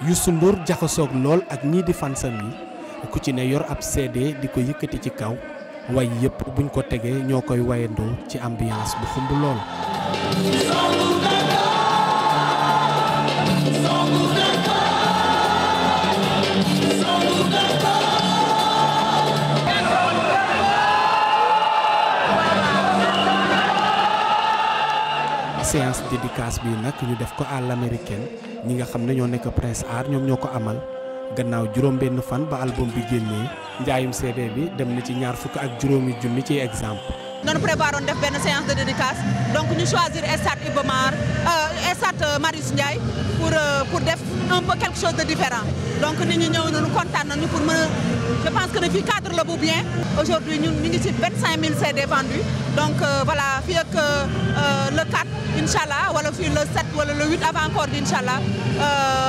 Youssou Ndour jaxasoog lool ak ñii di fansam yi ku ci ne yor ab CD di ko yëkkati ci kaw way yëpp buñ ko tegee ñoo koy wayandoo ci ambiance bu xumb lool séance dédicace bi nag ñu def ko à l'américaine ñi nga xam ne ñoo nekk presse art ñoom ñoo ko amal gannaaw juróom-benn fan ba album bi génnee njaayum CD bi dem na ci ñaar fukk ak juróomi junni ci exemple. noonu préparoon def benn séance de dédicace donc ñu choisir stade Iba Mar euh, stade euh, Marius pour euh, pour def un quelque chose de différent donc nit ñi ñëw nañu kontaan nañu pour mën je pense que ne cadre la bu bien aujourd'hui ñu ngi ci mille CD vendus donc euh, voilà fii ak euh, euh, le 4 incha wala fii le 7 wala le 8 avant encore incha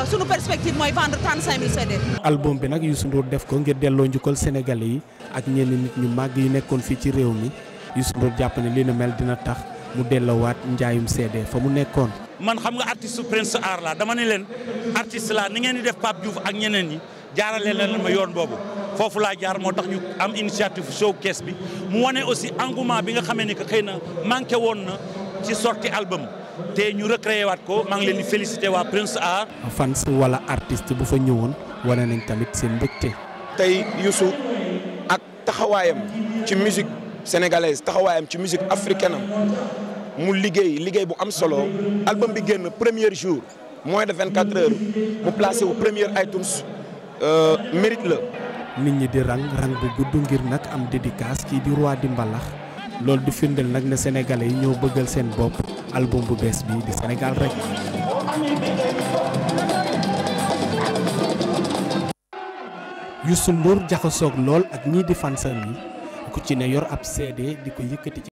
sunu perspective mooy vendre mille CD. album bi nag Youssou Ndour def ko ngir delloo njukkal senegal yi ak ñenn nit ñu màgg yi nekkoon fii ci réew mi Youssou Ndour jàpp ne li nu mel dina tax mu delloowaat njaayum CD fa mu nekkoon. man xam nga artiste su Prince Art la dama ne leen artiste la ni ngeen di def ak ñeneen ñi jaarale leen yoon boobu. foofu laa jaar moo tax ñu am initiative showcase bi mu wane aussi engouement bi nga xamee ni que xëy na manqué woon na ci sorti album te ñu recréé waat ko maa ngi leen di félicité waa Prince Art. fans wala artiste bu fa ñëwoon wane nañ tamit seen mbégte. tey Youssou ak taxawaayam ci musique sénégalaise taxawaayam ci musique africaine mu liggéey liggéey bu am solo album bi génn première jour moins de 24 heures mu placé wu première iTunes euh, mérite la. nit ñi di rang rang bu gudd ngir nag am dédicace kii di roi di mbalax loolu di firndeel nag ne sénégalais yi ñoo bëggal seen bopp album bu bees bi di Sénégal rekk Youssou Ndour jaxasoog lool ak ñii di fansam yi ku ci ne yor ab CD di ko yëkkati ci.